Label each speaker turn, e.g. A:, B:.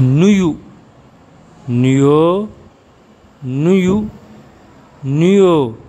A: nuyu nuyoo nuyu nuyoo